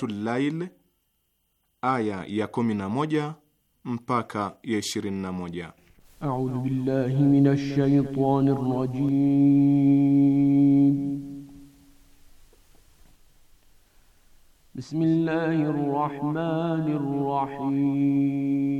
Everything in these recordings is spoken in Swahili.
Suratul Lail aya ya kumi na moja mpaka ya 21. A'udhu billahi minash shaitanir rajim. Bismillahir rahmanir rahim.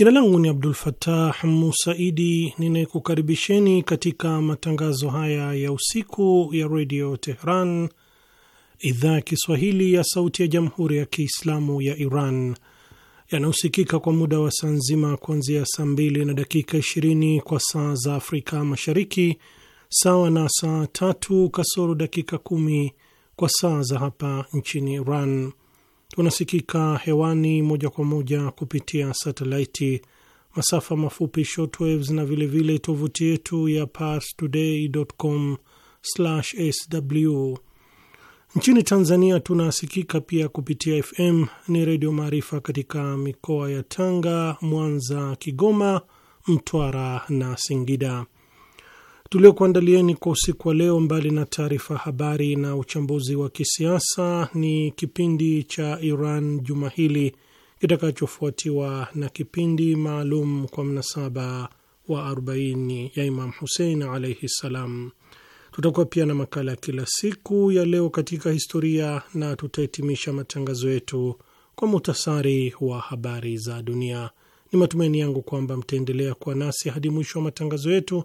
Jina langu ni Abdul fatah Musaidi, ninayekukaribisheni katika matangazo haya ya usiku ya redio Tehran, idhaa ya Kiswahili ya sauti ya jamhuri ya Kiislamu ya Iran, yanayosikika kwa muda wa saa nzima kuanzia saa mbili na dakika 20 kwa saa za Afrika Mashariki, sawa na saa tatu kasoro dakika kumi kwa saa za hapa nchini Iran Tunasikika hewani moja kwa moja kupitia satelaiti, masafa mafupi shortwaves, na vilevile tovuti yetu ya parstoday.com/sw. Nchini Tanzania tunasikika pia kupitia FM ni Redio Maarifa katika mikoa ya Tanga, Mwanza, Kigoma, Mtwara na Singida tuliokuandalieni kwa usiku wa leo, mbali na taarifa habari na uchambuzi wa kisiasa, ni kipindi cha Iran juma hili kitakachofuatiwa na kipindi maalum kwa mnasaba wa 40 ya Imam Husein alaihi ssalam. Tutakuwa pia na makala ya kila siku ya leo katika historia, na tutahitimisha matangazo yetu kwa muhtasari wa habari za dunia. Ni matumaini yangu kwamba mtaendelea kuwa nasi hadi mwisho wa matangazo yetu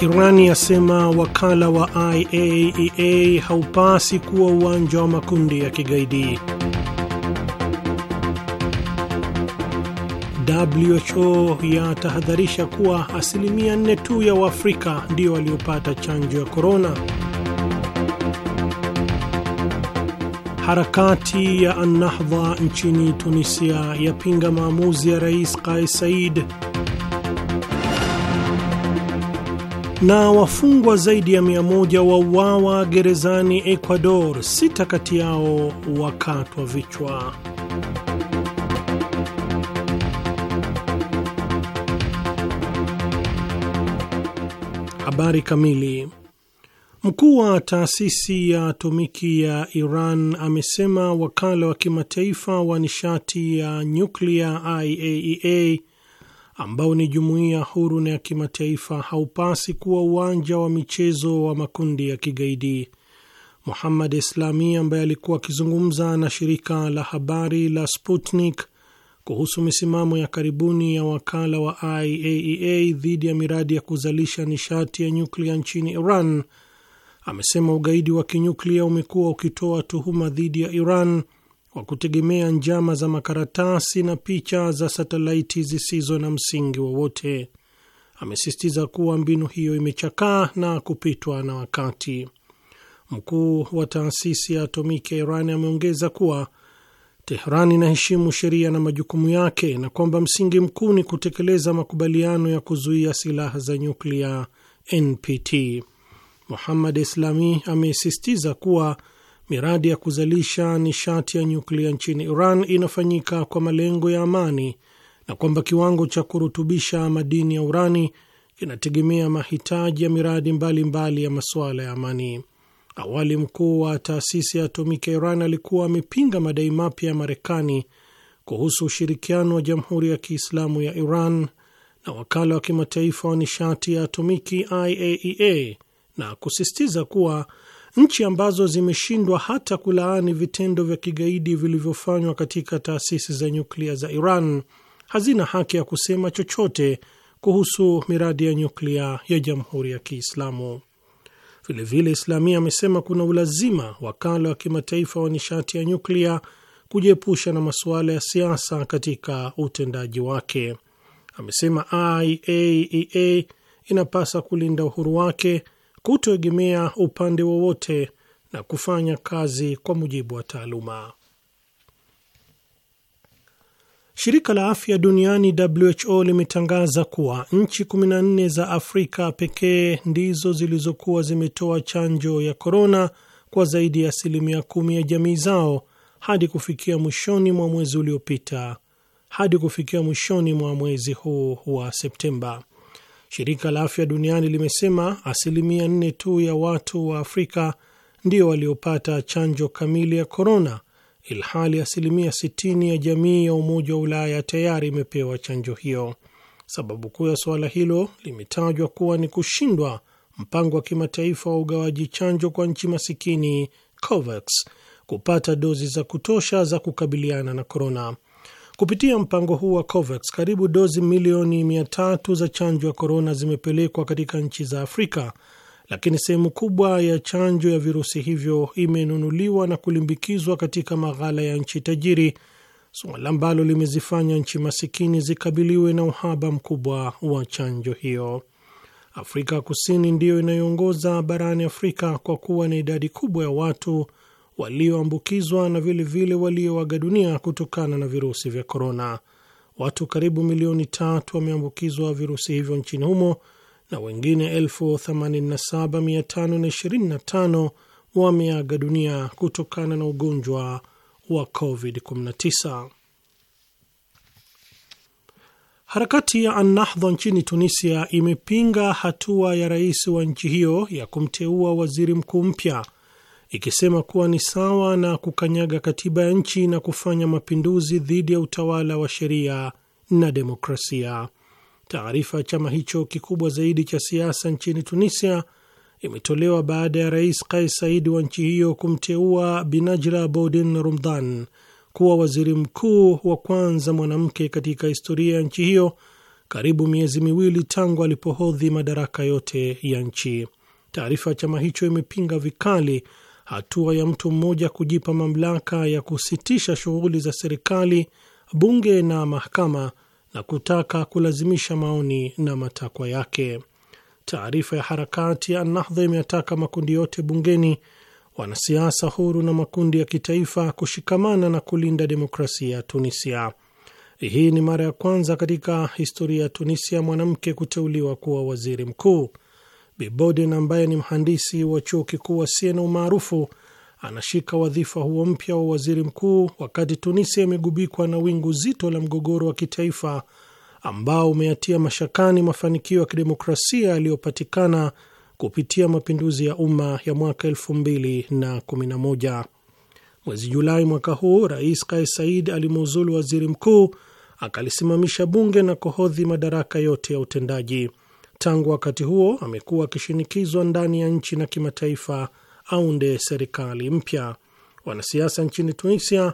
Irani yasema wakala wa IAEA e haupasi kuwa uwanja wa makundi ya kigaidi. WHO yatahadharisha kuwa asilimia 4 tu ya Waafrika ndio waliopata chanjo ya korona. Harakati ya Annahdha nchini Tunisia yapinga maamuzi ya Rais Kais Saied Na wafungwa zaidi ya mia moja wauawa gerezani Ecuador, sita kati yao wakatwa vichwa. Habari kamili. Mkuu wa taasisi ya atomiki ya Iran amesema wakala wa kimataifa wa nishati ya nyuklia IAEA e ambao ni jumuiya huru na ya kimataifa haupasi kuwa uwanja wa michezo wa makundi ya kigaidi. Muhammad Islami ambaye alikuwa akizungumza na shirika la habari la Sputnik kuhusu misimamo ya karibuni ya wakala wa IAEA e dhidi ya miradi ya kuzalisha nishati ya nyuklia nchini Iran amesema ugaidi wa kinyuklia umekuwa ukitoa tuhuma dhidi ya Iran kwa kutegemea njama za makaratasi na picha za satelaiti zisizo na msingi wowote. Amesisitiza kuwa mbinu hiyo imechakaa na kupitwa na wakati. Mkuu wa taasisi ya atomiki ya Iran ameongeza kuwa Tehran inaheshimu sheria na majukumu yake na kwamba msingi mkuu ni kutekeleza makubaliano ya kuzuia silaha za nyuklia NPT. Muhammad Islami amesisitiza kuwa miradi ya kuzalisha nishati ya nyuklia nchini Iran inafanyika kwa malengo ya amani na kwamba kiwango cha kurutubisha madini ya urani kinategemea mahitaji ya miradi mbalimbali mbali ya masuala ya amani. Awali mkuu wa taasisi ya atomiki ya Iran alikuwa amepinga madai mapya ya Marekani kuhusu ushirikiano wa Jamhuri ya Kiislamu ya Iran na wakala wa kimataifa wa nishati ya atomiki IAEA e na kusisitiza kuwa Nchi ambazo zimeshindwa hata kulaani vitendo vya kigaidi vilivyofanywa katika taasisi za nyuklia za Iran hazina haki ya kusema chochote kuhusu miradi ya nyuklia ya Jamhuri ya Kiislamu. Vilevile, Islamia amesema kuna ulazima wakala wa kimataifa wa nishati ya nyuklia kujiepusha na masuala ya siasa katika utendaji wake. Amesema IAEA e inapasa kulinda uhuru wake kutoegemea upande wowote na kufanya kazi kwa mujibu wa taaluma. Shirika la Afya Duniani WHO limetangaza kuwa nchi 14 za Afrika pekee ndizo zilizokuwa zimetoa chanjo ya korona kwa zaidi ya asilimia kumi ya jamii zao hadi kufikia mwishoni mwa mwezi uliopita hadi kufikia mwishoni mwa mwezi huu wa Septemba. Shirika la Afya Duniani limesema asilimia nne tu ya watu wa Afrika ndio waliopata chanjo kamili ya korona, ilhali asilimia 60 ya jamii ya Umoja wa Ulaya tayari imepewa chanjo hiyo. Sababu kuu ya suala hilo limetajwa kuwa ni kushindwa mpango wa kimataifa wa ugawaji chanjo kwa nchi masikini COVAX kupata dozi za kutosha za kukabiliana na korona. Kupitia mpango huu wa COVAX, karibu dozi milioni mia tatu za chanjo ya korona zimepelekwa katika nchi za Afrika, lakini sehemu kubwa ya chanjo ya virusi hivyo imenunuliwa na kulimbikizwa katika maghala ya nchi tajiri, suala ambalo limezifanya nchi masikini zikabiliwe na uhaba mkubwa wa chanjo hiyo. Afrika Kusini ndiyo inayoongoza barani Afrika kwa kuwa na idadi kubwa ya watu walioambukizwa na vilevile walioaga dunia kutokana na virusi vya korona. Watu karibu milioni tatu wameambukizwa virusi hivyo nchini humo na wengine 87525 wameaga dunia kutokana na ugonjwa wa COVID-19. Harakati ya Annahdha nchini Tunisia imepinga hatua ya rais wa nchi hiyo ya kumteua waziri mkuu mpya ikisema kuwa ni sawa na kukanyaga katiba ya nchi na kufanya mapinduzi dhidi ya utawala wa sheria na demokrasia. Taarifa ya chama hicho kikubwa zaidi cha siasa nchini Tunisia imetolewa baada ya Rais Kais Saidi wa nchi hiyo kumteua Binajla Bodin Rumdhan kuwa waziri mkuu wa kwanza mwanamke katika historia ya nchi hiyo, karibu miezi miwili tangu alipohodhi madaraka yote ya nchi. Taarifa ya chama hicho imepinga vikali hatua ya mtu mmoja kujipa mamlaka ya kusitisha shughuli za serikali, bunge na mahakama na kutaka kulazimisha maoni na matakwa yake. Taarifa ya harakati ya Nahdha imeataka makundi yote bungeni, wanasiasa huru na makundi ya kitaifa kushikamana na kulinda demokrasia ya Tunisia. Hii ni mara ya kwanza katika historia ya Tunisia mwanamke kuteuliwa kuwa waziri mkuu. Biboden ambaye ni mhandisi wa chuo kikuu wa Siena umaarufu anashika wadhifa huo mpya wa waziri mkuu, wakati Tunisia imegubikwa na wingu zito la mgogoro wa kitaifa ambao umeatia mashakani mafanikio ya kidemokrasia yaliyopatikana kupitia mapinduzi ya umma ya mwaka 211 Mwezi Julai mwaka huu, Rais Kais Said alimuuzulu waziri mkuu, akalisimamisha bunge na kuhodhi madaraka yote ya utendaji. Tangu wakati huo amekuwa akishinikizwa ndani ya nchi na kimataifa aunde serikali mpya. Wanasiasa nchini Tunisia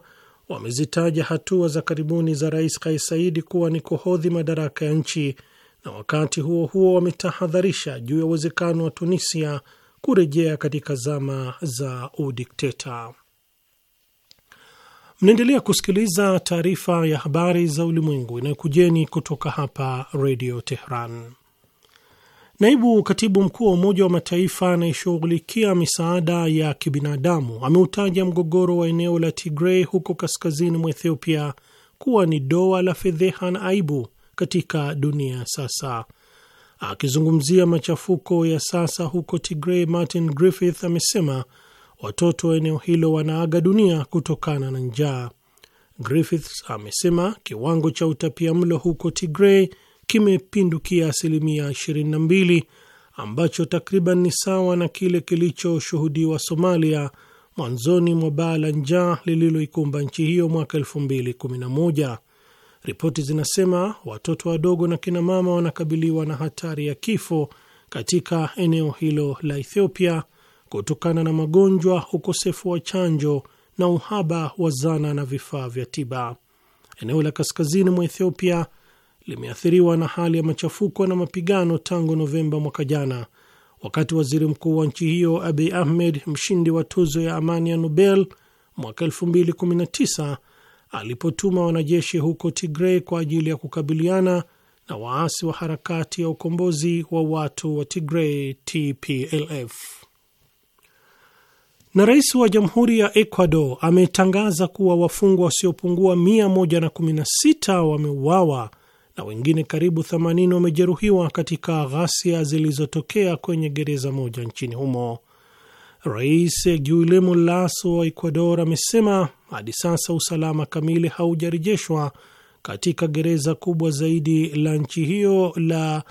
wamezitaja hatua za karibuni za Rais Kais Saidi kuwa ni kuhodhi madaraka ya nchi, na wakati huo huo wametahadharisha juu ya uwezekano wa Tunisia kurejea katika zama za udikteta. Mnaendelea kusikiliza taarifa ya habari za ulimwengu inayokujeni kutoka hapa Redio Tehran. Naibu katibu mkuu wa Umoja wa Mataifa anayeshughulikia misaada ya kibinadamu ameutaja mgogoro wa eneo la Tigrei huko kaskazini mwa Ethiopia kuwa ni doa la fedheha na aibu katika dunia sasa. Akizungumzia machafuko ya sasa huko Tigrei, Martin Griffith amesema watoto wa eneo hilo wanaaga dunia kutokana na njaa. Griffith amesema kiwango cha utapia mlo huko Tigrei kimepindukia asilimia 22 ambacho takriban ni sawa na kile kilichoshuhudiwa Somalia mwanzoni mwa baa la njaa lililoikumba nchi hiyo mwaka 2011. Ripoti zinasema watoto wadogo na kinamama wanakabiliwa na hatari ya kifo katika eneo hilo la Ethiopia kutokana na magonjwa, ukosefu wa chanjo na uhaba wa zana na vifaa vya tiba. Eneo la kaskazini mwa Ethiopia limeathiriwa na hali ya machafuko na mapigano tangu Novemba mwaka jana, wakati waziri mkuu wa nchi hiyo Abiy Ahmed, mshindi wa tuzo ya amani ya Nobel mwaka 2019 alipotuma wanajeshi huko Tigray kwa ajili ya kukabiliana na waasi wa harakati ya ukombozi wa watu wa Tigray TPLF. Na rais wa jamhuri ya Ecuador ametangaza kuwa wafungwa wasiopungua 116 wameuawa na wengine karibu 80 wamejeruhiwa katika ghasia zilizotokea kwenye gereza moja nchini humo. Rais Guillermo Lasso wa Ecuador amesema hadi sasa usalama kamili haujarejeshwa katika gereza kubwa zaidi la nchi hiyo la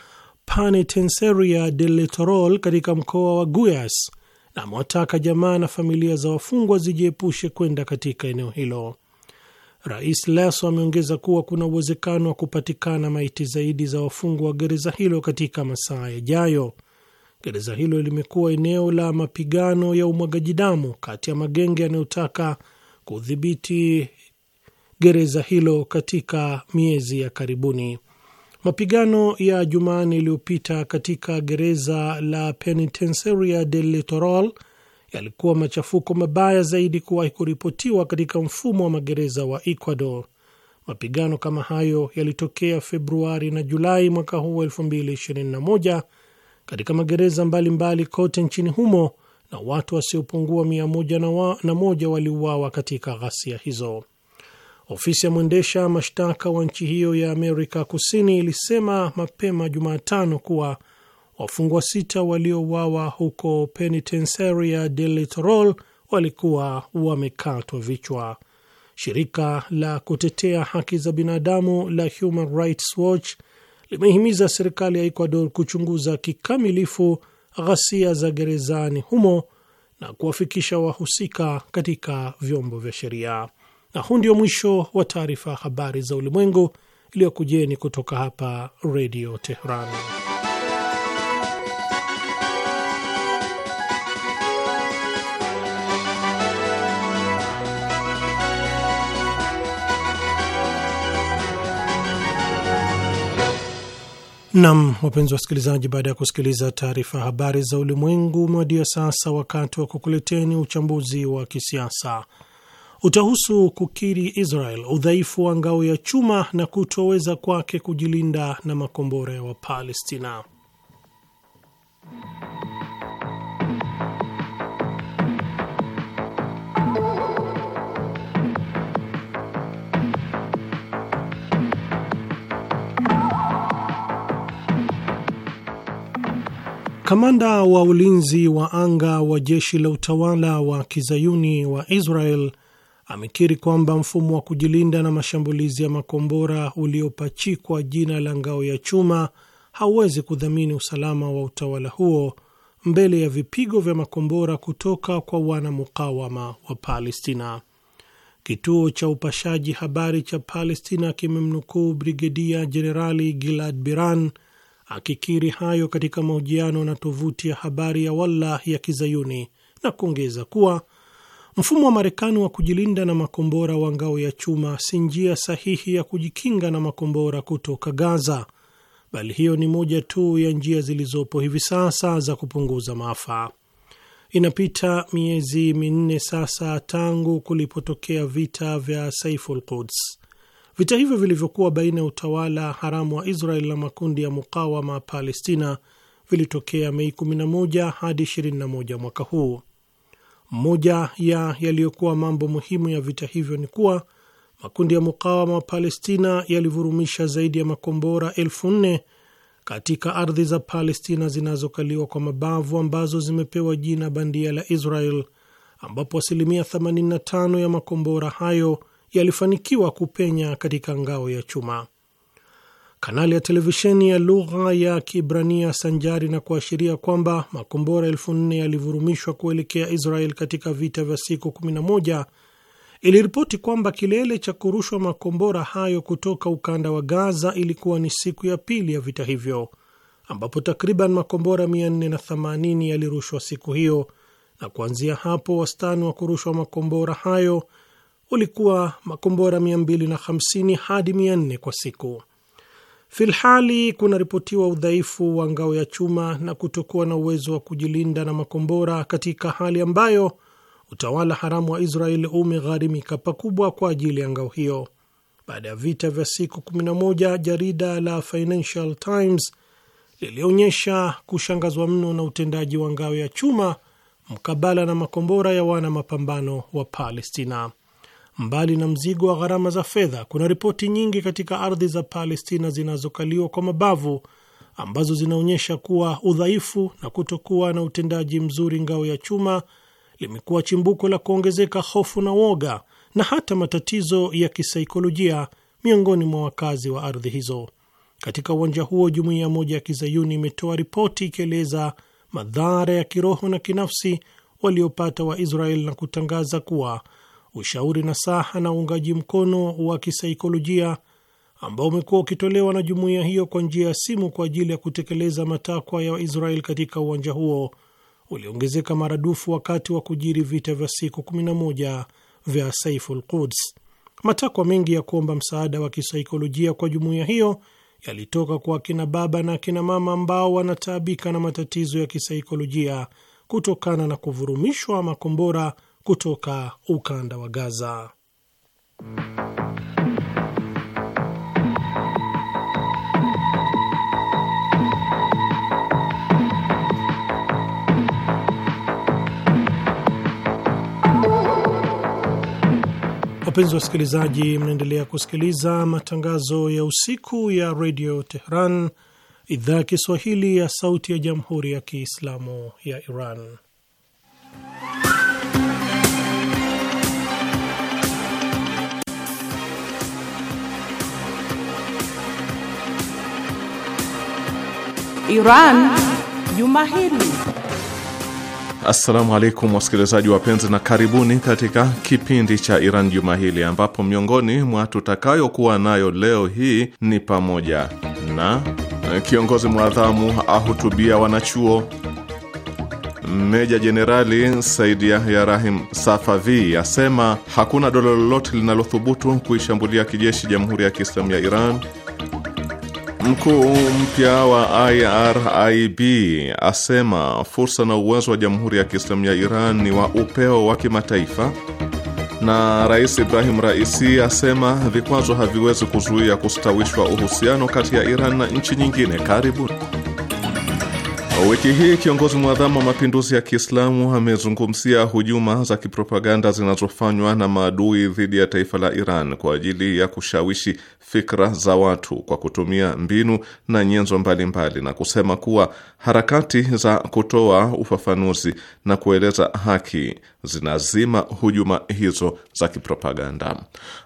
Penitenciaria del Litoral katika mkoa wa Guayas, na amewataka jamaa na familia za wafungwa zijiepushe kwenda katika eneo hilo. Rais Lasso ameongeza kuwa kuna uwezekano wa kupatikana maiti zaidi za wafungwa wa gereza hilo katika masaa yajayo. Gereza hilo limekuwa eneo la mapigano ya umwagaji damu kati ya magenge yanayotaka kudhibiti gereza hilo katika miezi ya karibuni. Mapigano ya Jumanne iliyopita katika gereza la Penitensaria del Litoral yalikuwa machafuko mabaya zaidi kuwahi kuripotiwa katika mfumo wa magereza wa Ecuador. Mapigano kama hayo yalitokea Februari na Julai mwaka huu 2021 katika magereza mbalimbali mbali kote nchini humo, na watu wasiopungua mia moja na, wa, na moja waliuawa katika ghasia hizo. Ofisi ya mwendesha mashtaka wa nchi hiyo ya Amerika Kusini ilisema mapema Jumatano kuwa wafungwa sita waliouawa huko Penitensaria de Litoral walikuwa wamekatwa vichwa. Shirika la kutetea haki za binadamu la Human Rights Watch limehimiza serikali ya Ecuador kuchunguza kikamilifu ghasia za gerezani humo na kuwafikisha wahusika katika vyombo vya sheria. Na huu ndio mwisho wa taarifa ya habari za ulimwengu iliyokujeni kutoka hapa Redio Teheran. Nam, wapenzi wasikilizaji, baada ya kusikiliza taarifa ya habari za ulimwengu, umewadia sasa wakati wa kukuleteni uchambuzi wa kisiasa. Utahusu kukiri Israel udhaifu wa ngao ya chuma na kutoweza kwake kujilinda na makombora ya Wapalestina. Kamanda wa ulinzi wa anga wa jeshi la utawala wa kizayuni wa Israel amekiri kwamba mfumo wa kujilinda na mashambulizi ya makombora uliopachikwa jina la ngao ya chuma hauwezi kudhamini usalama wa utawala huo mbele ya vipigo vya makombora kutoka kwa wanamukawama wa Palestina. Kituo cha upashaji habari cha Palestina kimemnukuu Brigedia Jenerali Gilad Biran akikiri hayo katika mahojiano na tovuti ya habari ya Wallah ya Kizayuni na kuongeza kuwa mfumo wa Marekani wa kujilinda na makombora wa ngao ya chuma si njia sahihi ya kujikinga na makombora kutoka Gaza, bali hiyo ni moja tu ya njia zilizopo hivi sasa za kupunguza maafa. Inapita miezi minne sasa tangu kulipotokea vita vya Saiful Quds. Vita hivyo vilivyokuwa baina ya utawala haramu wa Israel na makundi ya mukawama Palestina vilitokea Mei 11 hadi 21 mwaka huu. Moja ya yaliyokuwa mambo muhimu ya vita hivyo ni kuwa makundi ya mukawama wa Palestina yalivurumisha zaidi ya makombora elfu nne katika ardhi za Palestina zinazokaliwa kwa mabavu ambazo zimepewa jina bandia la Israel, ambapo asilimia 85 ya makombora hayo yalifanikiwa kupenya katika ngao ya chuma. Kanali ya televisheni ya lugha ya Kibrania sanjari na kuashiria kwamba makombora elfu nne yalivurumishwa kuelekea Israel katika vita vya siku 11 iliripoti kwamba kilele cha kurushwa makombora hayo kutoka ukanda wa Gaza ilikuwa ni siku ya pili ya vita hivyo, ambapo takriban makombora 480 yalirushwa siku hiyo, na kuanzia hapo wastani wa kurushwa makombora hayo ulikuwa makombora 250 hadi 400 kwa siku. Filhali kunaripotiwa udhaifu wa ngao ya chuma na kutokuwa na uwezo wa kujilinda na makombora, katika hali ambayo utawala haramu wa Israel umegharimika pakubwa kwa ajili ya ngao hiyo. Baada ya vita vya siku 11, jarida la Financial Times lilionyesha kushangazwa mno na utendaji wa ngao ya chuma mkabala na makombora ya wana mapambano wa Palestina. Mbali na mzigo wa gharama za fedha, kuna ripoti nyingi katika ardhi za Palestina zinazokaliwa kwa mabavu ambazo zinaonyesha kuwa udhaifu na kutokuwa na utendaji mzuri ngao ya chuma limekuwa chimbuko la kuongezeka hofu na woga na hata matatizo ya kisaikolojia miongoni mwa wakazi wa ardhi hizo. Katika uwanja huo, jumuiya moja ya kizayuni imetoa ripoti ikieleza madhara ya kiroho na kinafsi waliopata waisrael na kutangaza kuwa ushauri na saha na uungaji mkono wa kisaikolojia ambao umekuwa ukitolewa na jumuiya hiyo kwa njia ya simu kwa ajili ya kutekeleza matakwa ya Waisrael katika uwanja huo uliongezeka maradufu wakati wa kujiri vita vya siku 11 vya Saiful Quds. Matakwa mengi ya kuomba msaada wa kisaikolojia kwa jumuiya hiyo yalitoka kwa akina baba na akina mama ambao wanataabika na matatizo ya kisaikolojia kutokana na kuvurumishwa makombora kutoka ukanda wa Gaza. Wapenzi wa wasikilizaji, mnaendelea kusikiliza matangazo ya usiku ya redio Tehran, idhaa ya Kiswahili ya sauti ya jamhuri ya kiislamu ya Iran. Iran juma hili. Assalamu alaikum wasikilizaji wapenzi, na karibuni katika kipindi cha Iran juma hili, ambapo miongoni mwa tutakayokuwa nayo leo hii ni pamoja na kiongozi mwadhamu ahutubia wanachuo, Meja Jenerali Saidi Yahya Rahim Safavi asema hakuna dola lolote linalothubutu kuishambulia kijeshi Jamhuri ya Kiislamu ya Iran Mkuu mpya wa IRIB asema fursa na uwezo wa Jamhuri ya Kiislamu ya Iran ni wa upeo wa kimataifa, na Rais Ibrahim Raisi asema vikwazo haviwezi kuzuia kustawishwa uhusiano kati ya Iran na nchi nyingine. Karibuni. Wiki hii kiongozi mwadhamu wa mapinduzi ya Kiislamu amezungumzia hujuma za kipropaganda zinazofanywa na maadui dhidi ya taifa la Iran kwa ajili ya kushawishi fikra za watu kwa kutumia mbinu na nyenzo mbalimbali na kusema kuwa harakati za kutoa ufafanuzi na kueleza haki zinazima hujuma hizo za kipropaganda.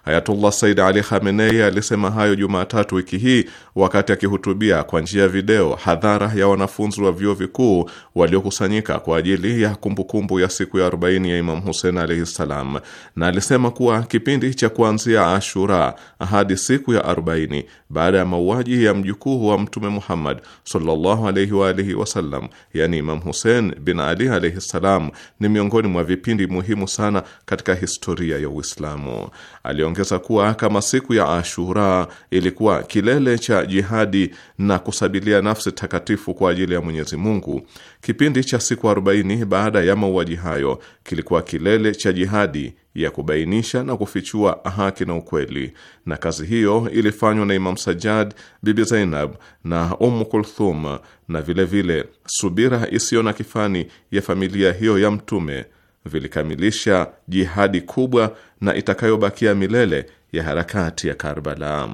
Ayatullah Said Ali Khamenei alisema hayo Jumatatu wiki hii wakati akihutubia kwa njia ya video hadhara ya wanafunzi wa vyuo vikuu waliokusanyika kwa ajili ya kumbukumbu kumbu ya siku ya 40 ya Imam Hussein alaihi ssalam, na alisema kuwa kipindi cha kuanzia Ashura hadi siku ya 40 baada ya mauaji ya mjukuu wa Mtume Muhammad sallallahu alaihi wa alihi wasallam, yani Imam Hussein bin Ali alaihi ssalam, ni miongoni mwa vipindi kipindi muhimu sana katika historia ya Uislamu. Aliongeza kuwa kama siku ya Ashura ilikuwa kilele cha jihadi na kusabilia nafsi takatifu kwa ajili ya Mwenyezi Mungu, kipindi cha siku 40 baada ya mauaji hayo kilikuwa kilele cha jihadi ya kubainisha na kufichua haki na ukweli, na kazi hiyo ilifanywa na Imam Sajjad, Bibi Zainab na Umm Kulthum na vilevile vile, subira isiyo na kifani ya familia hiyo ya Mtume vilikamilisha jihadi kubwa na itakayobakia milele ya harakati ya Karbala.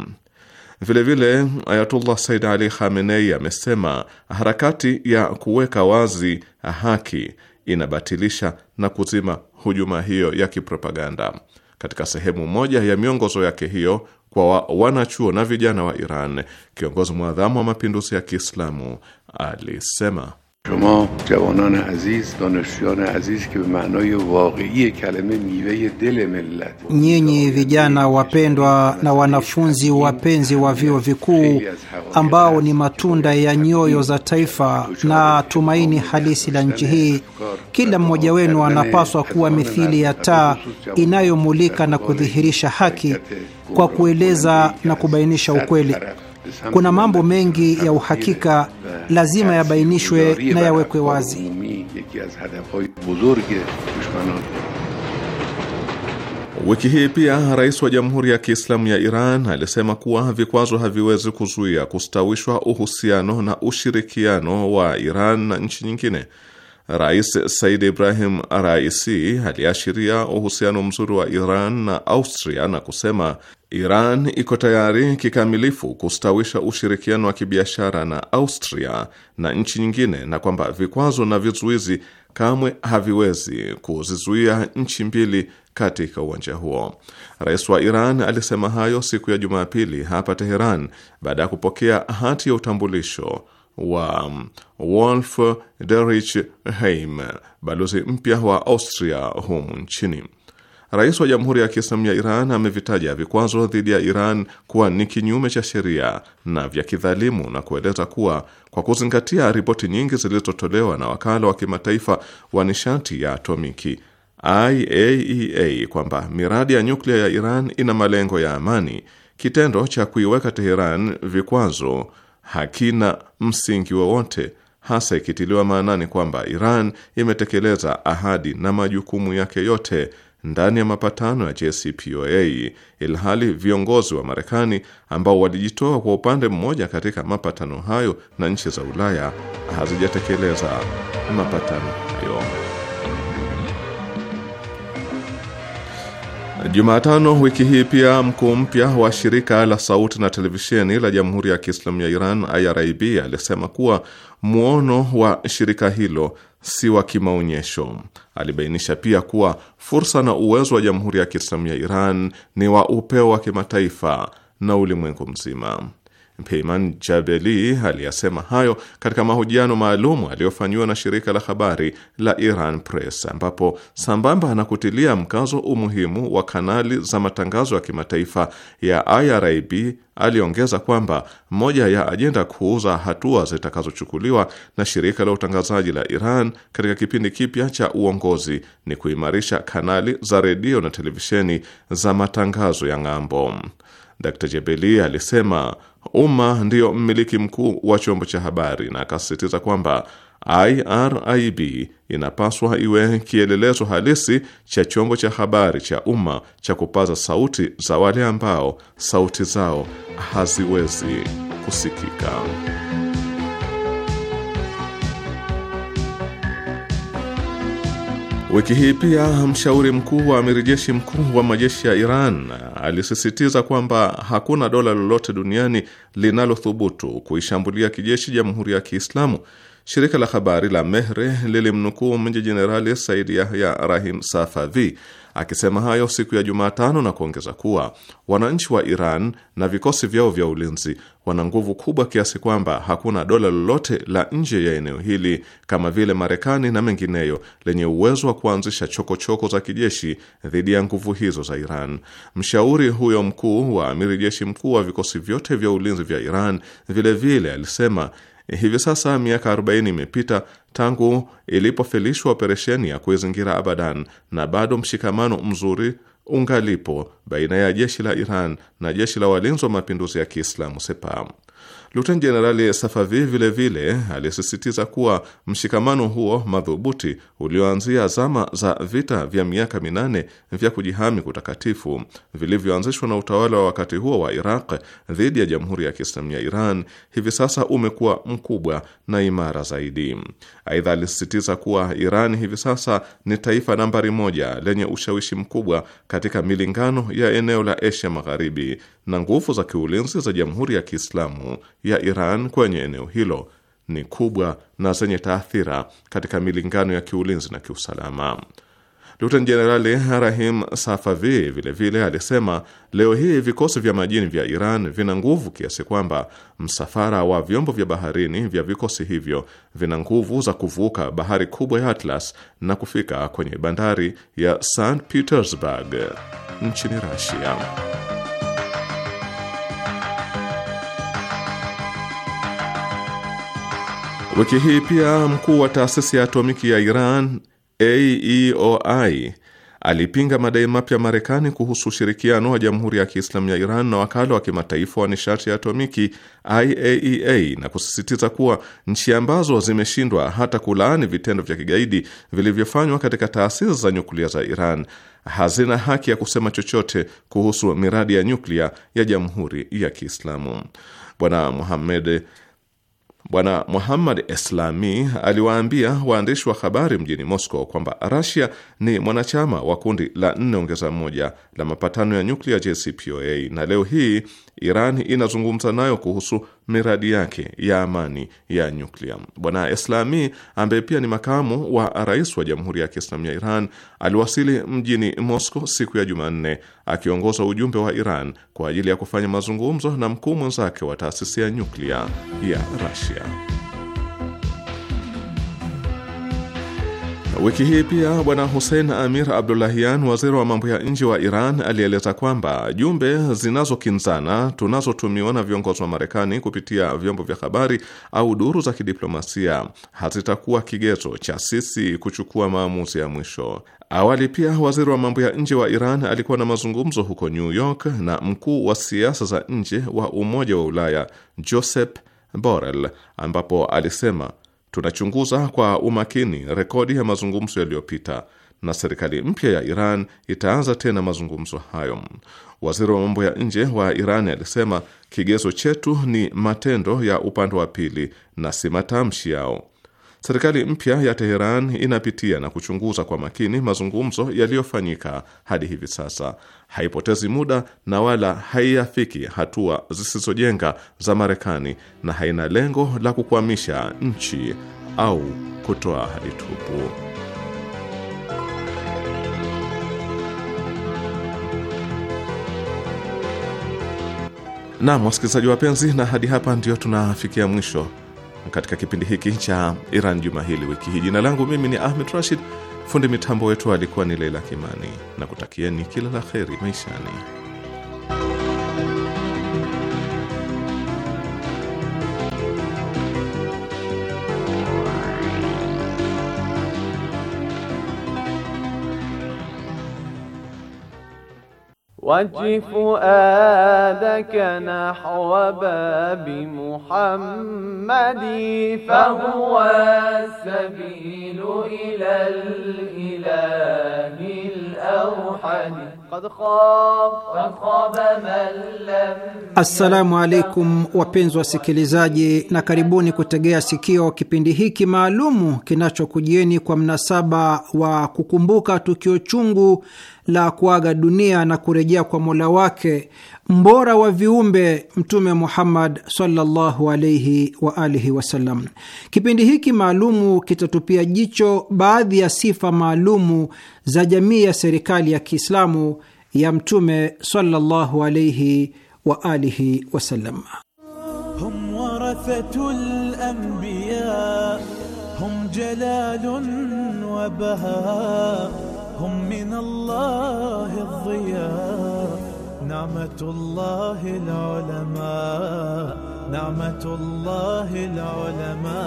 Vilevile, Ayatullah Said Ali Khamenei amesema harakati ya kuweka wazi haki inabatilisha na kuzima hujuma hiyo ya kipropaganda. Katika sehemu moja ya miongozo yake hiyo kwa wanachuo na vijana wa Iran, kiongozi mwadhamu wa mapinduzi ya Kiislamu alisema: شما جوانان عزیز دانشجویان عزیز که به معنای واقعی کلمه میوه دل ملت nyinyi vijana wapendwa na wanafunzi wapenzi wa vyuo vikuu ambao ni matunda ya nyoyo za taifa na tumaini halisi la nchi hii kila mmoja wenu anapaswa kuwa mithili ya taa inayomulika na kudhihirisha haki kwa kueleza na kubainisha ukweli kuna mambo mengi ya uhakika lazima yabainishwe na yawekwe wazi. Wiki hii pia rais wa Jamhuri ya Kiislamu ya Iran alisema kuwa vikwazo haviwezi kuzuia kustawishwa uhusiano na ushirikiano wa Iran na nchi nyingine. Rais Said Ibrahim Raisi aliashiria uhusiano mzuri wa Iran na Austria na kusema Iran iko tayari kikamilifu kustawisha ushirikiano wa kibiashara na Austria na nchi nyingine na kwamba vikwazo na vizuizi kamwe haviwezi kuzizuia nchi mbili katika uwanja huo. Rais wa Iran alisema hayo siku ya Jumapili hapa Teheran baada ya kupokea hati ya utambulisho wa Wolf Derich Heim, balozi mpya wa Austria humu nchini. Rais wa Jamhuri ya Kiislamu ya Iran amevitaja vikwazo dhidi ya Iran kuwa ni kinyume cha sheria na vya kidhalimu na kueleza kuwa kwa kuzingatia ripoti nyingi zilizotolewa na wakala wa kimataifa wa nishati ya atomiki IAEA e kwamba miradi ya nyuklia ya Iran ina malengo ya amani, kitendo cha kuiweka Teheran vikwazo hakina msingi wowote hasa ikitiliwa maanani kwamba Iran imetekeleza ahadi na majukumu yake yote ndani ya mapatano ya JCPOA, ilhali viongozi wa Marekani ambao walijitoa kwa upande mmoja katika mapatano hayo na nchi za Ulaya hazijatekeleza mapatano hayo. Jumatano wiki hii pia mkuu mpya wa shirika la sauti na televisheni la Jamhuri ya Kiislamu ya Iran IRIB alisema kuwa muono wa shirika hilo si wa kimaonyesho. Alibainisha pia kuwa fursa na uwezo wa Jamhuri ya Kiislamu ya Iran ni wa upeo wa kimataifa na ulimwengu mzima. Peyman Jabeli aliyasema hayo katika mahojiano maalum aliyofanyiwa na shirika la habari la Iran Press, ambapo sambamba na kutilia mkazo umuhimu wa kanali za matangazo ya kimataifa ya IRIB aliongeza kwamba moja ya ajenda kuu za hatua zitakazochukuliwa na shirika la utangazaji la Iran katika kipindi kipya cha uongozi ni kuimarisha kanali za redio na televisheni za matangazo ya ng'ambo. Dr. Jebeli alisema umma ndiyo mmiliki mkuu wa chombo cha habari, na akasisitiza kwamba IRIB inapaswa iwe kielelezo halisi cha chombo cha habari cha umma cha kupaza sauti za wale ambao sauti zao haziwezi kusikika. Wiki hii pia mshauri mkuu wa amiri jeshi mkuu wa majeshi ya Iran alisisitiza kwamba hakuna dola lolote duniani linalothubutu kuishambulia kijeshi Jamhuri ya Kiislamu Shirika la habari la Mehre lilimnukuu mji Jenerali Said Yahya Rahim Safavi akisema hayo siku ya Jumatano na kuongeza kuwa wananchi wa Iran na vikosi vyao vya ulinzi wana nguvu kubwa kiasi kwamba hakuna dola lolote la nje ya eneo hili kama vile Marekani na mengineyo lenye uwezo wa kuanzisha chokochoko -choko za kijeshi dhidi ya nguvu hizo za Iran. Mshauri huyo mkuu wa amiri jeshi mkuu wa vikosi vyote vya ulinzi vya Iran vilevile alisema Eh, hivi sasa miaka 40 imepita tangu ilipofilishwa operesheni ya kuizingira Abadan na bado mshikamano mzuri ungalipo baina ya jeshi la Iran na jeshi la walinzi wa mapinduzi ya Kiislamu Sepah. Luteni Jenerali Safavi vilevile alisisitiza kuwa mshikamano huo madhubuti ulioanzia zama za vita vya miaka minane vya kujihami kutakatifu vilivyoanzishwa na utawala wa wakati huo wa Iraq dhidi ya Jamhuri ya Kiislamu ya Iran hivi sasa umekuwa mkubwa na imara zaidi. Aidha, alisisitiza kuwa Iran hivi sasa ni taifa nambari moja lenye ushawishi mkubwa katika milingano ya eneo la Asia Magharibi na nguvu za kiulinzi za Jamhuri ya Kiislamu ya Iran kwenye eneo hilo ni kubwa na zenye taathira katika milingano ya kiulinzi na kiusalama. Luteni Jenerali Rahim Safavi vilevile alisema leo hii vikosi vya majini vya Iran vina nguvu kiasi kwamba msafara wa vyombo vya baharini vya vikosi hivyo vina nguvu za kuvuka bahari kubwa ya Atlas na kufika kwenye bandari ya St Petersburg nchini Russia. Wiki hii pia mkuu wa taasisi ya atomiki ya Iran AEOI alipinga madai mapya Marekani kuhusu ushirikiano wa Jamhuri ya Kiislamu ya Iran na wakala wa kimataifa wa nishati ya atomiki IAEA e na kusisitiza kuwa nchi ambazo zimeshindwa hata kulaani vitendo vya kigaidi vilivyofanywa katika taasisi za nyuklia za Iran hazina haki ya kusema chochote kuhusu miradi ya nyuklia ya Jamhuri ya Kiislamu. Bwana Mohamed Bwana Muhammad Eslami aliwaambia waandishi wa habari mjini Moscow kwamba Rasia ni mwanachama wa kundi la nne ongeza moja la mapatano ya nyuklia JCPOA, na leo hii Iran inazungumza nayo kuhusu miradi yake ya amani ya nyuklia. Bwana eslami ambaye pia ni makamu wa rais wa Jamhuri ya Kiislamu ya Iran aliwasili mjini Moscow siku ya Jumanne akiongoza ujumbe wa Iran kwa ajili ya kufanya mazungumzo na mkuu mwenzake wa taasisi ya nyuklia ya Russia. Wiki hii pia Bwana Hussein Amir Abdullahian, waziri wa mambo ya nje wa Iran, alieleza kwamba jumbe zinazokinzana tunazotumiwa na viongozi wa Marekani kupitia vyombo vya habari au duru za kidiplomasia hazitakuwa kigezo cha sisi kuchukua maamuzi ya mwisho. Awali pia waziri wa mambo ya nje wa Iran alikuwa na mazungumzo huko New York na mkuu wa siasa za nje wa Umoja wa Ulaya Joseph Borrell, ambapo alisema Tunachunguza kwa umakini rekodi ya mazungumzo yaliyopita na serikali mpya ya Iran itaanza tena mazungumzo hayo. Waziri wa mambo ya nje wa Iran alisema kigezo chetu ni matendo ya upande wa pili na si matamshi yao. Serikali mpya ya Teheran inapitia na kuchunguza kwa makini mazungumzo yaliyofanyika hadi hivi sasa. Haipotezi muda na wala haiafiki hatua zisizojenga za Marekani na haina lengo la kukwamisha nchi au kutoa ahadi tupu. Naam, wasikilizaji wapenzi, na hadi hapa ndio tunafikia mwisho katika kipindi hiki cha Iran juma hili wiki hii. Jina langu mimi ni Ahmed Rashid, fundi mitambo wetu alikuwa ni Leila Kimani, na kutakieni kila la kheri maishani. وجه فؤادك نحو باب محمد فهو السبيل إلى الإله الأوحد Assalamu alaikum wapenzi wasikilizaji, na karibuni kutegea sikio kipindi hiki maalumu kinachokujieni kwa mnasaba wa kukumbuka tukio chungu la kuaga dunia na kurejea kwa mola wake mbora wa viumbe Mtume Muhammad sallallahu alaihi wa alihi wasallam. Kipindi hiki maalumu kitatupia jicho baadhi ya sifa maalumu za jamii ya serikali ya Kiislamu ya Mtume sallallahu alayhi wa alihi wasallam. hum warathatul anbiya hum jalalun wa baha hum min Allahi dhiya ni'matullahil ulama ni'matullahil ulama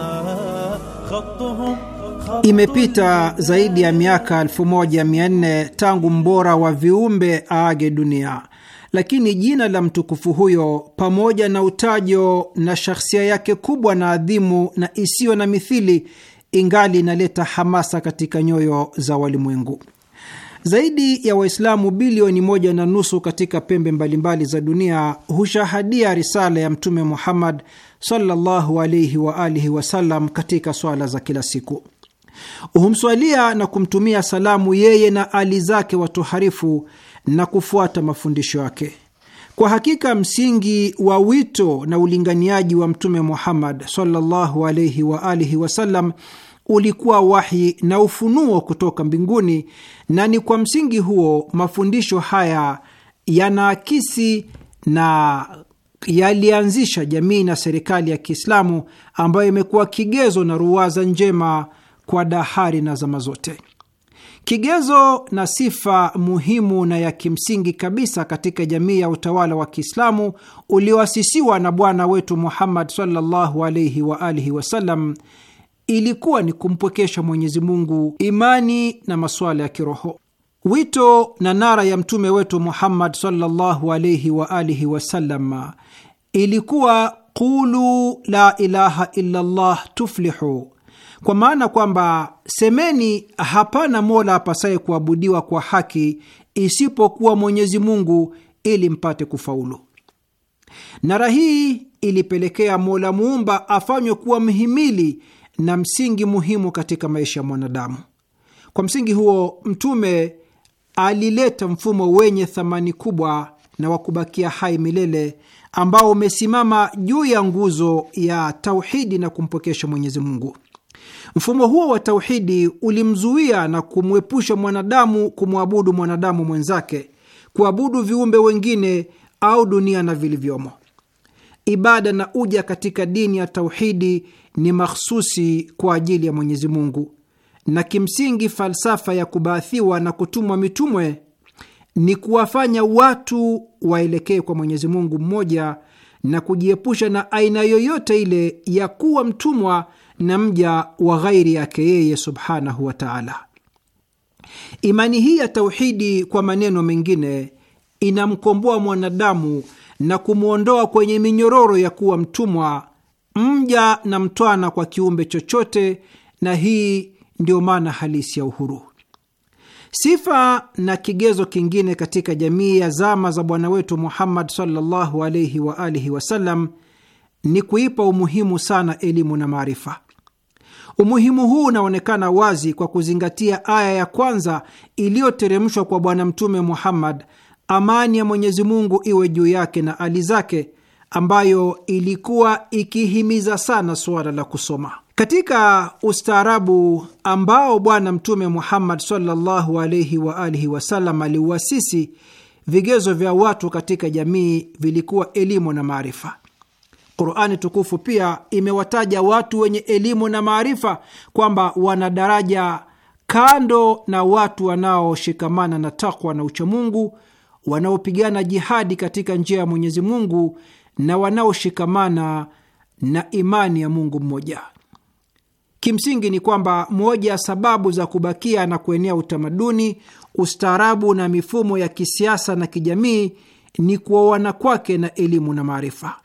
khatuhum Imepita zaidi ya miaka 1400 tangu mbora wa viumbe aage dunia, lakini jina la mtukufu huyo pamoja na utajo na shahsia yake kubwa na adhimu na isiyo na mithili ingali inaleta hamasa katika nyoyo za walimwengu. Zaidi ya Waislamu bilioni moja na nusu katika pembe mbalimbali za dunia hushahadia risala ya Mtume Muhammad sallallahu alaihi waalihi wasallam katika swala za kila siku humswalia na kumtumia salamu yeye na ali zake watoharifu na kufuata mafundisho yake. Kwa hakika msingi wa wito na ulinganiaji wa Mtume Muhammad sallallahu alaihi wa alihi wasallam ulikuwa wahi na ufunuo kutoka mbinguni, na ni kwa msingi huo mafundisho haya yanaakisi na yalianzisha jamii na serikali ya Kiislamu ambayo imekuwa kigezo na ruwaza njema kwa dahari na zama zote. Kigezo na sifa muhimu na ya kimsingi kabisa katika jamii ya utawala wa Kiislamu ulioasisiwa na bwana wetu Muhammad sallallahu alaihi wa alihi wasallam ilikuwa ni kumpwekesha Mwenyezi Mungu imani na masuala ya kiroho. Wito na nara ya mtume wetu Muhammad sallallahu alaihi wa alihi wasallam ilikuwa qulu la ilaha illallah tuflihu kwa maana kwamba semeni, hapana mola apasaye kuabudiwa kwa haki isipokuwa Mwenyezi Mungu ili mpate kufaulu. Nara hii ilipelekea mola muumba afanywe kuwa mhimili na msingi muhimu katika maisha ya mwanadamu. Kwa msingi huo, Mtume alileta mfumo wenye thamani kubwa na wa kubakia hai milele ambao umesimama juu ya nguzo ya tauhidi na kumpokesha Mwenyezi Mungu. Mfumo huo wa tauhidi ulimzuia na kumwepusha mwanadamu kumwabudu mwanadamu mwenzake, kuabudu viumbe wengine au dunia na vilivyomo. Ibada na uja katika dini ya tauhidi ni mahsusi kwa ajili ya Mwenyezi Mungu, na kimsingi falsafa ya kubaathiwa na kutumwa mitumwe ni kuwafanya watu waelekee kwa Mwenyezi Mungu mmoja na kujiepusha na aina yoyote ile ya kuwa mtumwa na mja wa ghairi yake yeye subhanahu wa taala. Imani hii ya tauhidi, kwa maneno mengine, inamkomboa mwanadamu na kumwondoa kwenye minyororo ya kuwa mtumwa, mja na mtwana kwa kiumbe chochote, na hii ndiyo maana halisi ya uhuru. Sifa na kigezo kingine katika jamii ya zama za bwana wetu Muhammad sallallahu alaihi wa alihi wasallam ni kuipa umuhimu sana elimu na maarifa. Umuhimu huu unaonekana wazi kwa kuzingatia aya ya kwanza iliyoteremshwa kwa Bwana Mtume Muhammad, amani ya Mwenyezi Mungu iwe juu yake na ali zake, ambayo ilikuwa ikihimiza sana suala la kusoma. Katika ustaarabu ambao Bwana Mtume Muhammad sallallahu alaihi wa alihi wasallam aliuasisi, vigezo vya watu katika jamii vilikuwa elimu na maarifa. Qurani tukufu pia imewataja watu wenye elimu na maarifa kwamba wana daraja kando na watu wanaoshikamana na takwa na uchamungu, wanaopigana jihadi katika njia ya Mwenyezi Mungu na wanaoshikamana na imani ya Mungu mmoja. Kimsingi ni kwamba moja ya sababu za kubakia na kuenea utamaduni, ustaarabu na mifumo ya kisiasa na kijamii ni kuoana kwake na elimu na maarifa.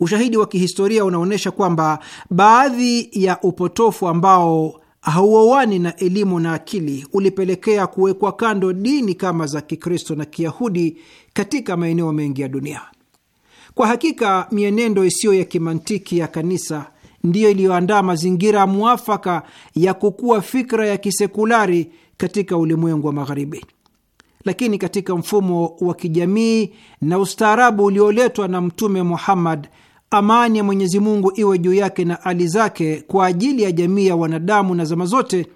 Ushahidi wa kihistoria unaonyesha kwamba baadhi ya upotofu ambao hauowani na elimu na akili ulipelekea kuwekwa kando dini kama za Kikristo na Kiyahudi katika maeneo mengi ya dunia. Kwa hakika, mienendo isiyo ya kimantiki ya kanisa ndiyo iliyoandaa mazingira muafaka ya kukua fikra ya kisekulari katika ulimwengu wa Magharibi lakini katika mfumo wa kijamii na ustaarabu ulioletwa na Mtume Muhammad, amani ya Mwenyezi Mungu iwe juu yake na ali zake, kwa ajili ya jamii ya wanadamu na zama zote,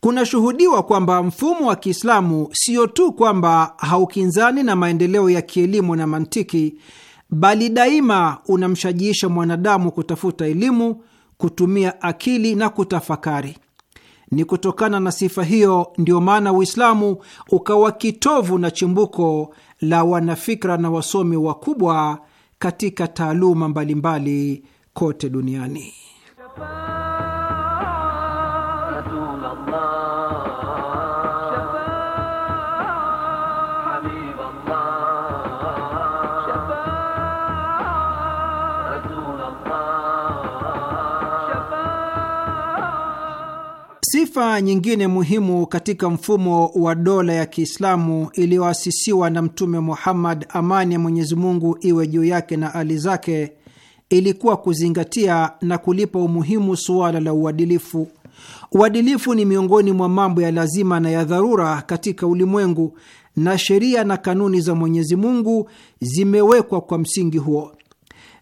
kunashuhudiwa kwamba mfumo wa Kiislamu sio tu kwamba haukinzani na maendeleo ya kielimu na mantiki, bali daima unamshajiisha mwanadamu kutafuta elimu, kutumia akili na kutafakari. Ni kutokana na sifa hiyo ndiyo maana Uislamu ukawa kitovu na chimbuko la wanafikra na wasomi wakubwa katika taaluma mbalimbali kote duniani. Sifa nyingine muhimu katika mfumo wa dola ya Kiislamu iliyoasisiwa na Mtume Muhammad, amani ya Mwenyezi Mungu iwe juu yake na ali zake, ilikuwa kuzingatia na kulipa umuhimu suala la uadilifu. Uadilifu ni miongoni mwa mambo ya lazima na ya dharura katika ulimwengu, na sheria na kanuni za Mwenyezi Mungu zimewekwa kwa msingi huo.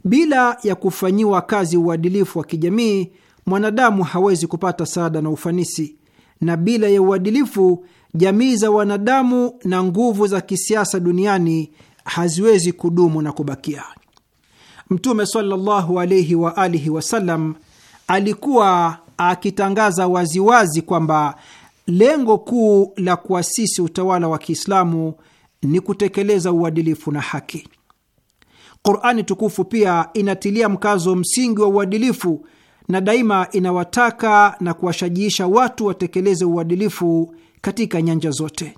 Bila ya kufanyiwa kazi uadilifu wa kijamii mwanadamu hawezi kupata saada na ufanisi, na bila ya uadilifu, jamii za wanadamu na nguvu za kisiasa duniani haziwezi kudumu na kubakia. Mtume sallallahu alaihi wa alihi wasallam alikuwa akitangaza waziwazi kwamba lengo kuu la kuasisi utawala wa Kiislamu ni kutekeleza uadilifu na haki. Qurani tukufu pia inatilia mkazo msingi wa uadilifu na daima inawataka na kuwashajiisha watu watekeleze uadilifu katika nyanja zote.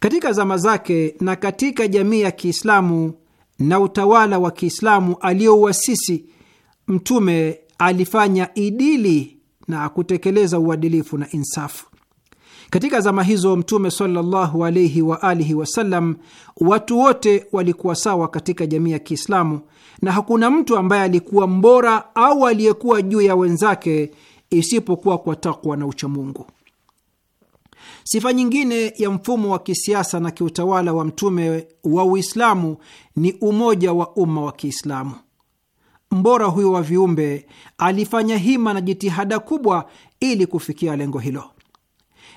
Katika zama zake na katika jamii ya Kiislamu na utawala wa Kiislamu aliyouasisi, Mtume alifanya idili na kutekeleza uadilifu na insafu. Katika zama hizo Mtume sallallahu alaihi wa alihi wasallam, watu wote walikuwa sawa katika jamii ya Kiislamu na hakuna mtu ambaye alikuwa mbora au aliyekuwa juu ya wenzake isipokuwa kwa takwa na uchamungu. Sifa nyingine ya mfumo wa kisiasa na kiutawala wa mtume wa Uislamu ni umoja wa umma wa Kiislamu. Mbora huyo wa viumbe alifanya hima na jitihada kubwa ili kufikia lengo hilo.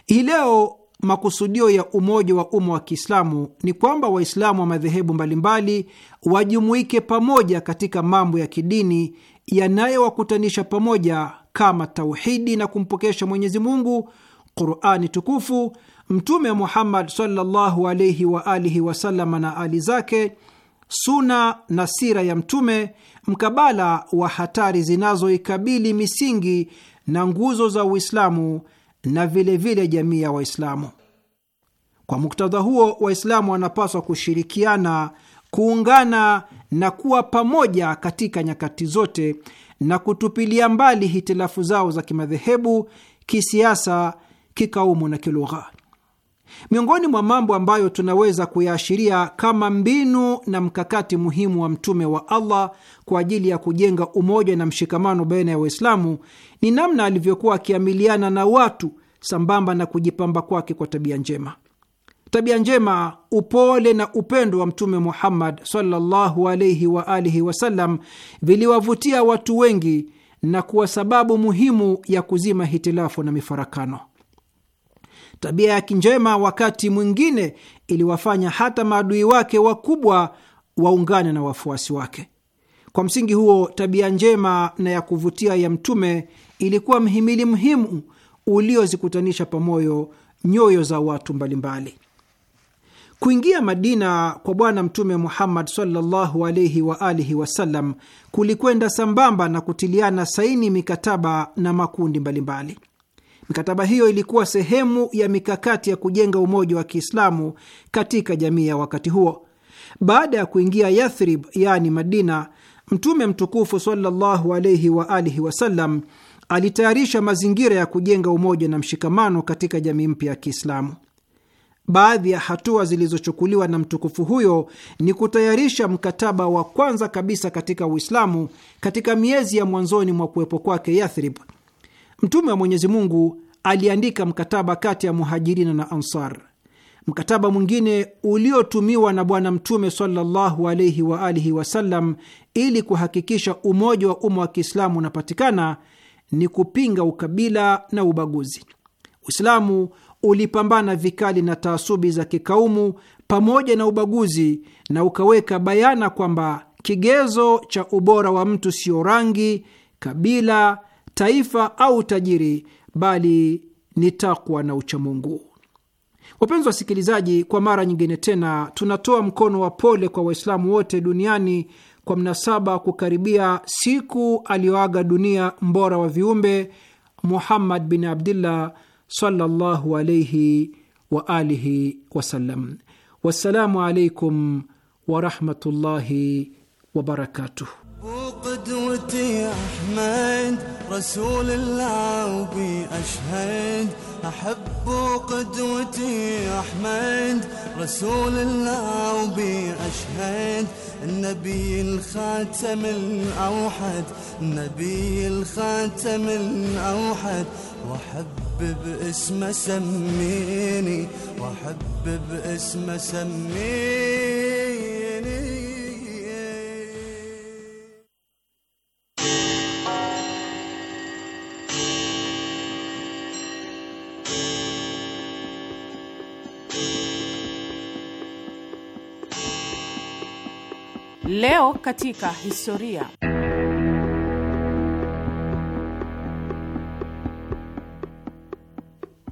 Hii leo makusudio ya umoja wa umma wa Kiislamu ni kwamba Waislamu wa madhehebu mbalimbali wajumuike pamoja katika mambo ya kidini yanayowakutanisha pamoja kama tauhidi na kumpokesha Mwenyezi Mungu, Qurani tukufu, Mtume Muhammad sallallahu alaihi wa alihi wasallam na ali zake, suna na sira ya Mtume, mkabala wa hatari zinazoikabili misingi na nguzo za Uislamu na vilevile jamii ya Waislamu. Kwa muktadha huo, Waislamu wanapaswa kushirikiana, kuungana na kuwa pamoja katika nyakati zote na kutupilia mbali hitilafu zao za kimadhehebu, kisiasa, kikaumu na kilugha. Miongoni mwa mambo ambayo tunaweza kuyaashiria kama mbinu na mkakati muhimu wa mtume wa Allah kwa ajili ya kujenga umoja na mshikamano baina ya Waislamu ni namna alivyokuwa akiamiliana na watu sambamba na kujipamba kwake kwa tabia njema. Tabia njema, upole na upendo wa Mtume Muhammad sallallahu alaihi wa alihi wasallam viliwavutia watu wengi na kuwa sababu muhimu ya kuzima hitilafu na mifarakano. Tabia yake njema wakati mwingine iliwafanya hata maadui wake wakubwa waungane na wafuasi wake. Kwa msingi huo, tabia njema na ya kuvutia ya Mtume ilikuwa mhimili muhimu uliozikutanisha pamoja nyoyo za watu mbalimbali. Kuingia Madina kwa Bwana Mtume Muhammad sallallahu alaihi wa alihi wasallam kulikwenda sambamba na kutiliana saini mikataba na makundi mbalimbali mbali. Mikataba hiyo ilikuwa sehemu ya mikakati ya kujenga umoja wa Kiislamu katika jamii ya wakati huo. Baada ya kuingia Yathrib, yaani Madina, Mtume mtukufu sallallahu wa alihi wasallam alitayarisha mazingira ya kujenga umoja na mshikamano katika jamii mpya ya Kiislamu. Baadhi ya hatua zilizochukuliwa na mtukufu huyo ni kutayarisha mkataba wa kwanza kabisa katika Uislamu katika miezi ya mwanzoni mwa kuwepo kwake Yathrib, Mtume wa Mwenyezi Mungu aliandika mkataba kati ya Muhajirina na Ansar. Mkataba mwingine uliotumiwa na Bwana Mtume sallallahu alaihi wa alihi wasallam ili kuhakikisha umoja wa umma wa Kiislamu unapatikana ni kupinga ukabila na ubaguzi. Uislamu ulipambana vikali na taasubi za kikaumu pamoja na ubaguzi na ukaweka bayana kwamba kigezo cha ubora wa mtu sio rangi, kabila taifa au tajiri, bali ni takwa na uchamungu. Wapenzi wasikilizaji, kwa mara nyingine tena tunatoa mkono wa pole kwa Waislamu wote duniani kwa mnasaba kukaribia siku aliyoaga dunia mbora wa viumbe Muhammad bin Abdillah sallallahu alaihi wa alihi wasallam. Wassalamu alaikum warahmatullahi wabarakatuh. ابو قدوتي احمد رسول الله وبي اشهد احب قدوتي احمد رسول الله وبي اشهد النبي الخاتم الاوحد النبي الخاتم الاوحد واحب باسمه سميني واحب باسمه سميني Leo katika historia.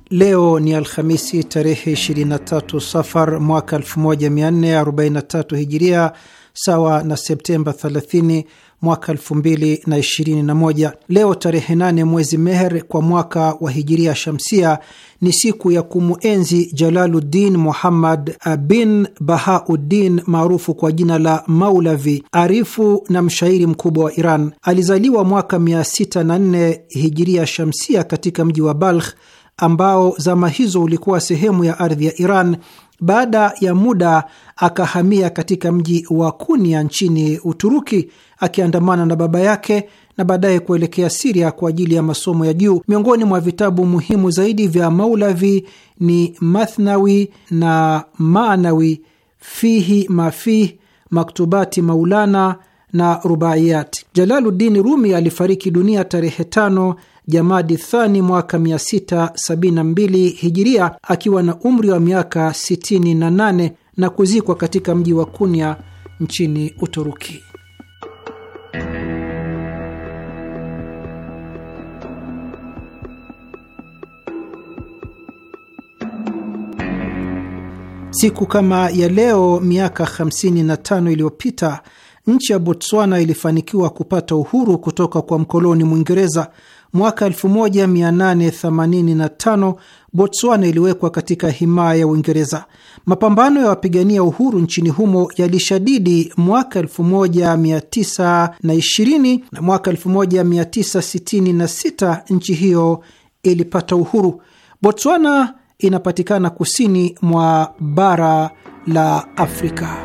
Leo ni Alhamisi tarehe 23 Safar mwaka 1443 Hijiria, sawa na Septemba 30 mwaka moja. Leo tarehe nane mwezi Meher kwa mwaka wa hijiria shamsia ni siku ya kumuenzi Jalaluddin Muhammad bin Bahauddin maarufu kwa jina la Maulavi, arifu na mshairi mkubwa wa Iran. Alizaliwa mwaka 604 hijiria shamsia katika mji wa Balkh ambao zama hizo ulikuwa sehemu ya ardhi ya Iran baada ya muda akahamia katika mji wa Kunia nchini Uturuki akiandamana na baba yake na baadaye kuelekea Siria kwa ajili ya masomo ya juu. Miongoni mwa vitabu muhimu zaidi vya Maulavi ni Mathnawi na Manawi, Fihi Mafih, Maktubati Maulana na Rubaiyat. jalaludin Rumi alifariki dunia tarehe tano Jamadi Thani mwaka 672 Hijiria, akiwa na umri wa miaka 68 na kuzikwa katika mji wa Kunya nchini Uturuki. Siku kama ya leo miaka 55 iliyopita nchi ya Botswana ilifanikiwa kupata uhuru kutoka kwa mkoloni Mwingereza. Mwaka 1885 Botswana iliwekwa katika himaya ya Uingereza. Mapambano ya wapigania uhuru nchini humo yalishadidi mwaka 1920 na mwaka 1966 nchi hiyo ilipata uhuru. Botswana inapatikana kusini mwa bara la Afrika.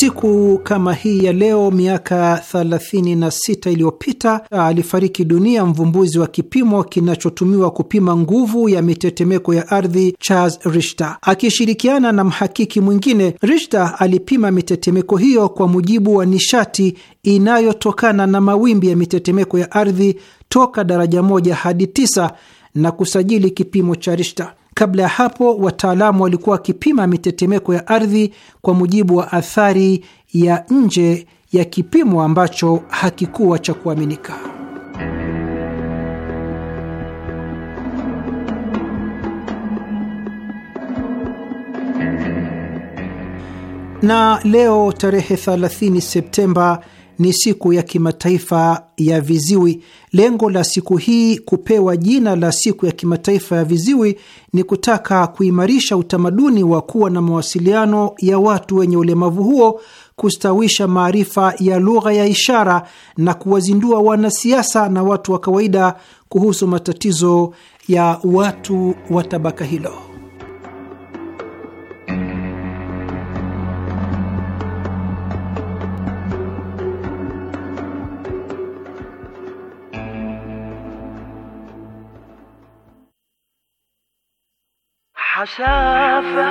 Siku kama hii ya leo miaka 36 iliyopita alifariki dunia mvumbuzi wa kipimo kinachotumiwa kupima nguvu ya mitetemeko ya ardhi Charles Richter. Akishirikiana na mhakiki mwingine, Richter alipima mitetemeko hiyo kwa mujibu wa nishati inayotokana na mawimbi ya mitetemeko ya ardhi toka daraja moja hadi tisa na kusajili kipimo cha Richter. Kabla ya hapo, wataalamu walikuwa wakipima mitetemeko ya ardhi kwa mujibu wa athari ya nje ya kipimo ambacho hakikuwa cha kuaminika. Na leo tarehe 30 Septemba ni siku ya kimataifa ya viziwi. Lengo la siku hii kupewa jina la siku ya kimataifa ya viziwi ni kutaka kuimarisha utamaduni wa kuwa na mawasiliano ya watu wenye ulemavu huo, kustawisha maarifa ya lugha ya ishara na kuwazindua wanasiasa na watu wa kawaida kuhusu matatizo ya watu wa tabaka hilo. حشافة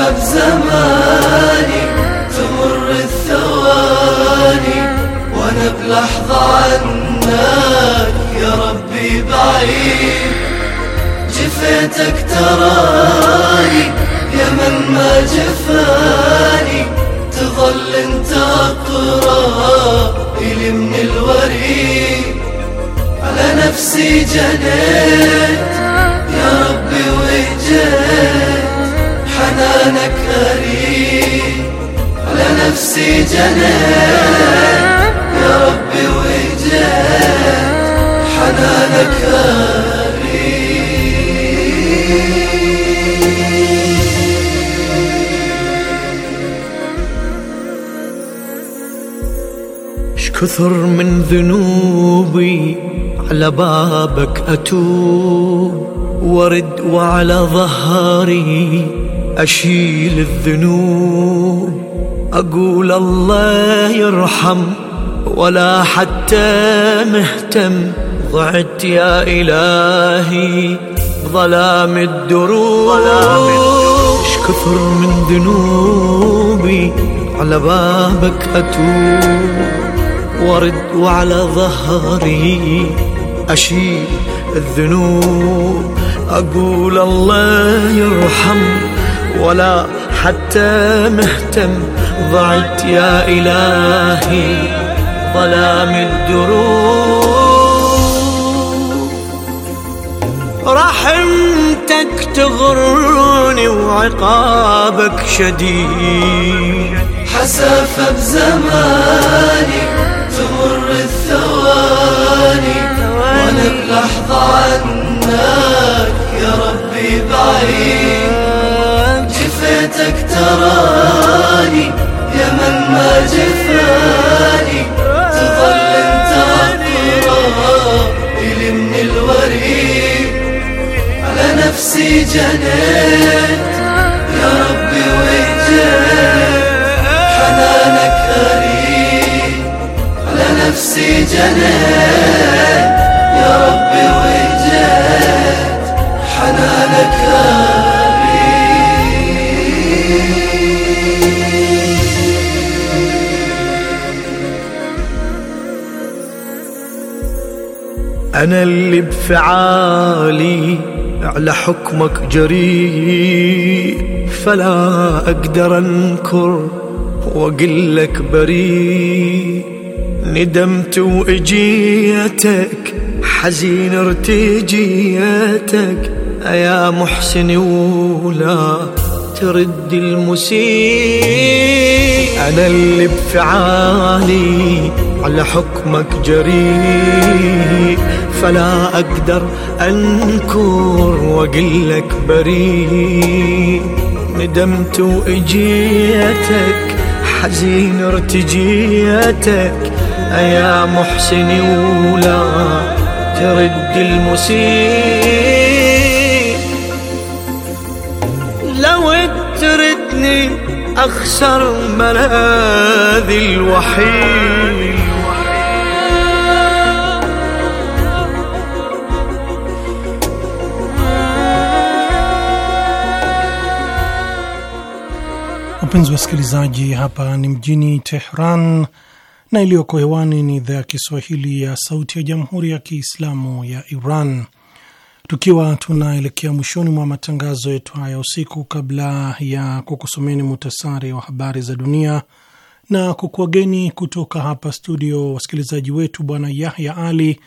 خفى زماني تمر الثواني وانا بلحظة عنك يا ربي بعيد جفيتك تراني يا من ما جفاني تظل انت اقرب الي من الوريد على نفسي جنيت يا ربي وجيت حنانك غريب على نفسي جنيت يا ربي وجيت حنانك اش كثر من ذنوبي على بابك أتوب ورد وعلى ظهري أشيل الذنوب أقول الله يرحم ولا حتى مهتم ضعت يا إلهي ظلام الدروب اش كثر من ذنوبي على بابك أتوب وارد وعلى ظهري أشيل الذنوب أقول الله يرحم ولا حتى مهتم ضعت يا إلهي ظلام الدروب رحمتك تغرني وعقابك شديد حسافة بزماني تمر الثواني وانا بلحظة عنك يا ربي بعيد ليتك تراني يا من ما جفاني تظل انت غفراني من الوريد على نفسي جنيت يا ربي وجد حنانك غريب على نفسي جنيت يا ربي وين حنانك غريب أنا اللي بفعالي على حكمك جريء فلا أقدر أنكر وأقول لك بريء ندمت وإجيتك حزين ارتجيتك يا محسن ولا ترد المسيء أنا اللي بفعالي على حكمك جريء فلا أقدر أنكر وأقلك بريء ندمت وإجيتك حزين ارتجيتك أيا محسن ولا ترد المسيء لو تردني أخسر ملاذي الوحيد Wapenzi wasikilizaji, hapa ni mjini Tehran na iliyoko hewani ni idhaa ya Kiswahili ya Sauti ya Jamhuri ya Kiislamu ya Iran, tukiwa tunaelekea mwishoni mwa matangazo yetu haya usiku. Kabla ya kukusomeni muhtasari wa habari za dunia na kukuageni kutoka hapa studio, wasikilizaji wetu Bwana Yahya Ali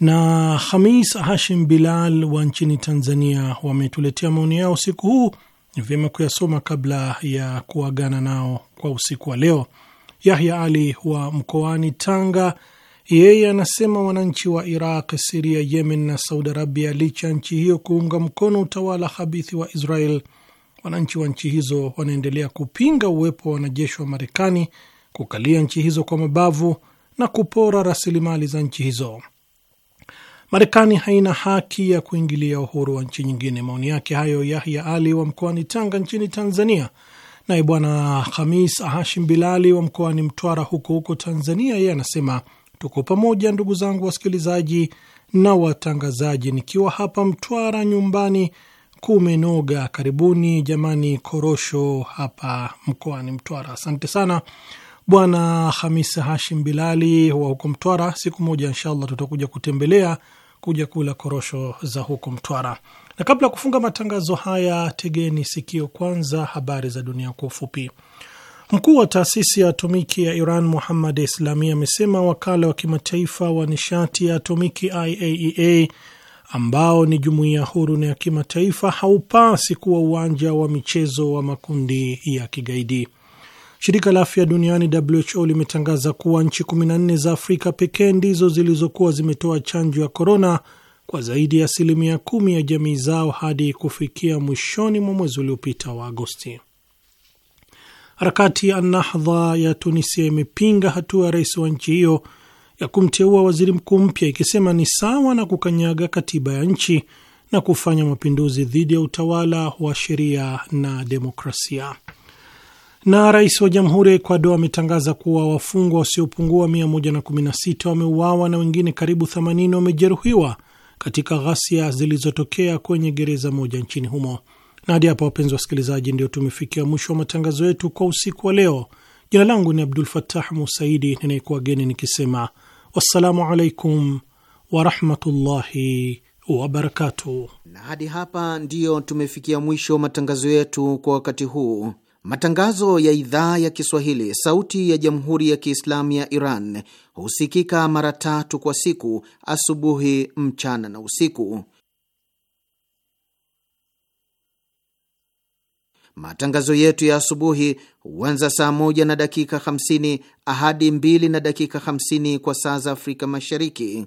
na Hamis Hashim Bilal wa nchini Tanzania wametuletea maoni yao usiku huu ni vyema kuyasoma kabla ya kuagana nao kwa usiku wa leo. Yahya Ali wa mkoani Tanga, yeye anasema wananchi wa Iraq, Siria, Yemen na Saudi Arabia, licha nchi hiyo kuunga mkono utawala habithi wa Israel, wananchi wa nchi hizo wanaendelea kupinga uwepo wa wanajeshi wa Marekani kukalia nchi hizo kwa mabavu na kupora rasilimali za nchi hizo. Marekani haina haki ya kuingilia uhuru wa nchi nyingine. Maoni yake hayo Yahya Ali wa mkoani Tanga nchini Tanzania. Naye bwana Hamis Hashim Bilali wa mkoani Mtwara huko huko Tanzania, yeye anasema tuko pamoja ndugu zangu wasikilizaji na watangazaji, nikiwa hapa Mtwara nyumbani kumenoga. Karibuni jamani, korosho hapa mkoani Mtwara. Asante sana bwana Hamis Hashim Bilali wa huko Mtwara. Siku moja inshallah tutakuja kutembelea kuja kula korosho za huko Mtwara. Na kabla ya kufunga matangazo haya, tegeni sikio kwanza habari za dunia kwa ufupi. Mkuu wa taasisi ya atomiki ya Iran Muhammad Islami amesema wakala wa kimataifa wa nishati ya atomiki IAEA e ambao ni jumuiya huru na ya kimataifa haupasi kuwa uwanja wa michezo wa makundi ya kigaidi. Shirika la afya duniani WHO limetangaza kuwa nchi 14 za Afrika pekee ndizo zilizokuwa zimetoa chanjo ya korona kwa zaidi ya asilimia kumi ya jamii zao hadi kufikia mwishoni mwa mwezi uliopita wa Agosti. Harakati ya Nahdha ya Tunisia imepinga hatua ya rais wa nchi hiyo ya kumteua waziri mkuu mpya ikisema ni sawa na kukanyaga katiba ya nchi na kufanya mapinduzi dhidi ya utawala wa sheria na demokrasia. Na rais wa jamhuri ya Ekuado ametangaza kuwa wafungwa wasiopungua 116 wameuawa na wengine karibu 80 wamejeruhiwa katika ghasia zilizotokea kwenye gereza moja nchini humo. Na hadi hapa, wapenzi wasikilizaji, ndio tumefikia mwisho wa matangazo yetu kwa usiku wa leo. Jina langu ni Abdul fatah Musaidi geni nikisema wassalamu alaikum warahmatullahi wabarakatuh. Na hadi hapa ndiyo tumefikia mwisho wa matangazo yetu kwa wakati huu. Matangazo ya idhaa ya Kiswahili sauti ya jamhuri ya Kiislamu ya Iran husikika mara tatu kwa siku: asubuhi, mchana na usiku. Matangazo yetu ya asubuhi huanza saa moja na dakika 50 ahadi mbili na dakika 50 kwa saa za Afrika Mashariki